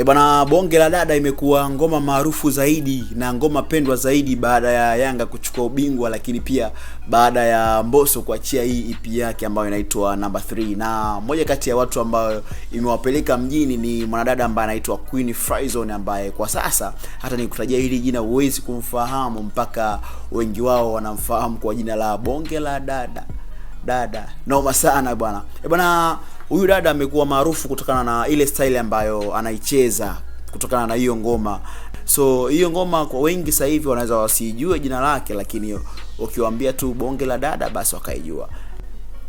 E bwana, bonge la dada imekuwa ngoma maarufu zaidi na ngoma pendwa zaidi baada ya Yanga kuchukua ubingwa, lakini pia baada ya Mbosso kuachia hii EP yake ambayo inaitwa number 3, na moja kati ya watu ambayo imewapeleka mjini ni mwanadada ambaye anaitwa Queen Fraizone, ambaye kwa sasa hata nikutajia hili jina huwezi kumfahamu, mpaka wengi wao wanamfahamu kwa jina la bonge la dada dada noma sana bwana. E bwana, huyu dada amekuwa maarufu kutokana na ile style ambayo anaicheza kutokana na hiyo ngoma. So hiyo ngoma kwa wengi sasa hivi wanaweza wasijue jina lake, lakini ukiwaambia tu bonge la dada, basi wakaijua.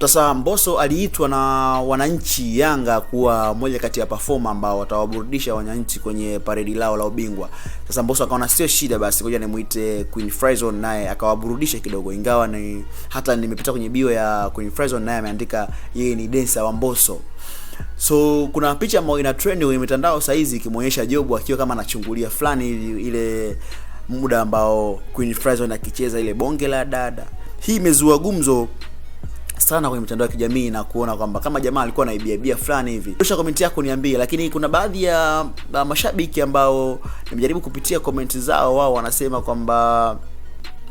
Sasa Mbosso aliitwa na wananchi Yanga kuwa moja kati ya performer ambao watawaburudisha wananchi kwenye paredi lao la ubingwa. Sasa Mbosso akaona sio shida, basi ngoja nimuite Queen Fraison naye akawaburudisha kidogo, ingawa ni hata nimepita kwenye bio ya Queen Fraison naye ameandika yeye ni dancer wa Mbosso. So kuna picha ambayo ina trend kwenye mitandao sasa hizi ikimuonyesha Jobu akiwa kama anachungulia fulani ile muda ambao Queen Fraison akicheza ile bonge la dada. Hii imezua gumzo sana kwenye mitandao ya kijamii na kuona kwamba kama jamaa alikuwa anaibiaibia fulani hivi. Rusha komenti yako niambie, lakini kuna baadhi ya mashabiki ambao nimejaribu kupitia komenti zao, wao wanasema kwamba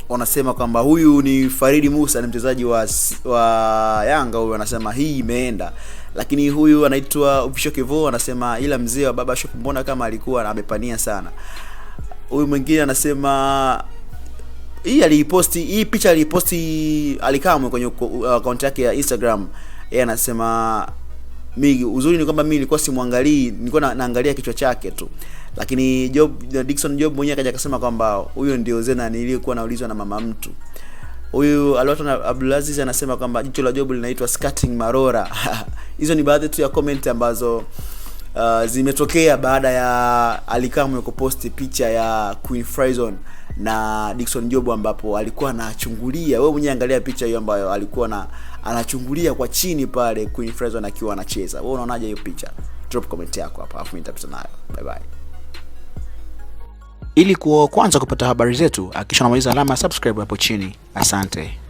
wanasema kwamba huyu ni Faridi Musa, ni mchezaji wa, wa Yanga huyu, anasema hii imeenda. Lakini huyu anaitwa Official Kevo anasema ila mzee wa Baba Shop, mbona kama alikuwa amepania sana. Huyu mwingine anasema hii aliiposti hii picha aliiposti alikamwe kwenye uh, akaunti yake ya Instagram. Yeye anasema mi, uzuri ni kwamba mimi nilikuwa simwangalii, nilikuwa na, naangalia kichwa chake tu, lakini Job Dickson Job mwenyewe akaja akasema kwamba huyo ndio Zena niliyokuwa naulizwa na mama mtu huyu na Abdulaziz anasema kwamba jicho la Job linaitwa skating Marora. Hizo ni baadhi tu ya comment ambazo uh, zimetokea baada ya Ally kuposti picha ya Queen Frizon na Dickson Jobo ambapo alikuwa anachungulia. Wewe mwenyewe angalia picha hiyo ambayo alikuwa na anachungulia kwa chini pale Queen Frizon akiwa anacheza. Wewe unaonaje hiyo picha? Drop comment yako hapa afu nitapita nayo. Bye bye. Ili kuwa kwanza kupata habari zetu, hakikisha unamaliza alama ya subscribe hapo chini. Asante.